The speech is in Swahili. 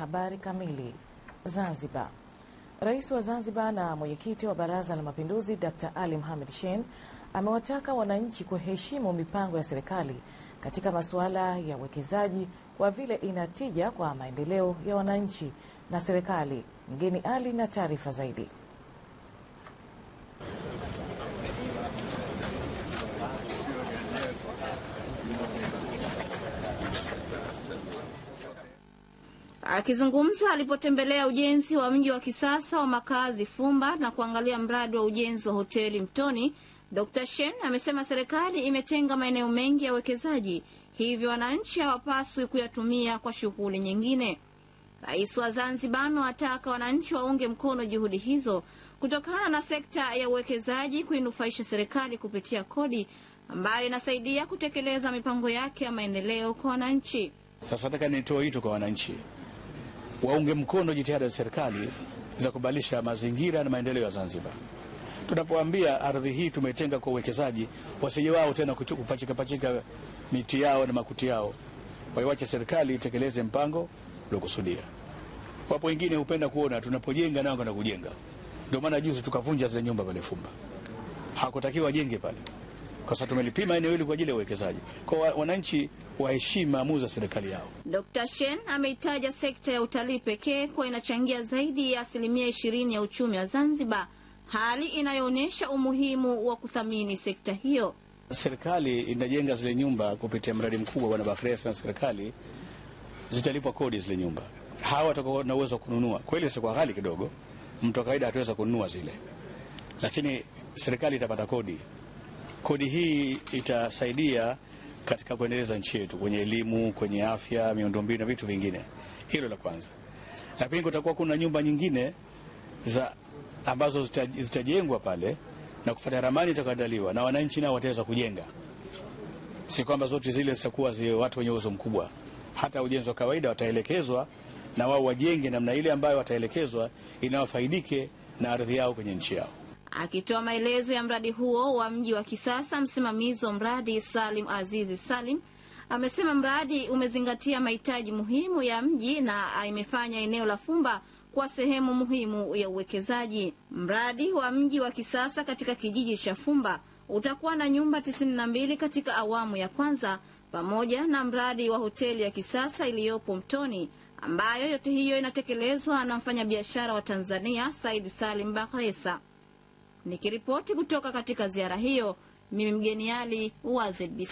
Habari kamili. Zanzibar. Rais wa Zanzibar na mwenyekiti wa Baraza la Mapinduzi Dr. Ali Mohamed Shein amewataka wananchi kuheshimu mipango ya serikali katika masuala ya uwekezaji kwa vile ina tija kwa maendeleo ya wananchi na serikali. Mgeni Ali na taarifa zaidi. Akizungumza alipotembelea ujenzi wa mji wa kisasa wa makazi Fumba na kuangalia mradi wa ujenzi wa hoteli Mtoni, Dr. Shen amesema serikali imetenga maeneo mengi ya uwekezaji, hivyo wananchi hawapaswi kuyatumia kwa shughuli nyingine. Rais wa Zanzibar amewataka wananchi waunge mkono juhudi hizo kutokana na sekta ya uwekezaji kuinufaisha serikali kupitia kodi ambayo inasaidia kutekeleza mipango yake ya maendeleo kwa wananchi. Sasa nataka nitoe wito kwa wananchi waunge mkono jitihada za serikali za kubadilisha mazingira na maendeleo ya Zanzibar. Tunapoambia ardhi hii tumetenga kwa uwekezaji, wasije wao tena kupachika pachika miti yao na makuti yao, waiwache serikali itekeleze mpango uliokusudia. Wapo wengine hupenda kuona tunapojenga nao na kujenga, ndio maana juzi tukavunja zile nyumba pale Fumba, hakutakiwa wajenge pale kwa sababu tumelipima eneo hili kwa ajili ya uwekezaji. Kwa wananchi waheshimu maamuzi ya serikali yao. Dr. Shen ameitaja sekta ya utalii pekee kuwa inachangia zaidi ya asilimia ishirini ya uchumi wa Zanzibar, hali inayoonyesha umuhimu wa kuthamini sekta hiyo. Serikali inajenga zile nyumba kupitia mradi mkubwa bwana Bakhresa na serikali, zitalipwa kodi zile nyumba, hawa watakuwa na uwezo wa kununua. Kweli zitakuwa ghali kidogo, mtu wa kawaida hatuweza kununua zile, lakini serikali itapata kodi. Kodi hii itasaidia katika kuendeleza nchi yetu kwenye elimu, kwenye afya, miundombinu na vitu vingine. Hilo la kwanza. La pili, kutakuwa kuna nyumba nyingine za ambazo zitajengwa pale na kufuata ramani itakayoandaliwa na wananchi, nao wataweza kujenga. Si kwamba zote zile zitakuwa zi watu wenye uwezo mkubwa, hata ujenzi wa kawaida wataelekezwa na wao wajenge namna ile ambayo wataelekezwa, inawafaidike na ardhi yao kwenye nchi yao. Akitoa maelezo ya mradi huo wa mji wa kisasa, msimamizi wa mradi Salim Azizi Salim amesema mradi umezingatia mahitaji muhimu ya mji na imefanya eneo la Fumba kwa sehemu muhimu ya uwekezaji. Mradi wa mji wa kisasa katika kijiji cha Fumba utakuwa na nyumba 92 katika awamu ya kwanza pamoja na mradi wa hoteli ya kisasa iliyopo Mtoni ambayo yote hiyo inatekelezwa na mfanyabiashara wa Tanzania Said Salim Bakhresa. Nikiripoti kutoka katika ziara hiyo, mimi mgeni Ali wa ZBC.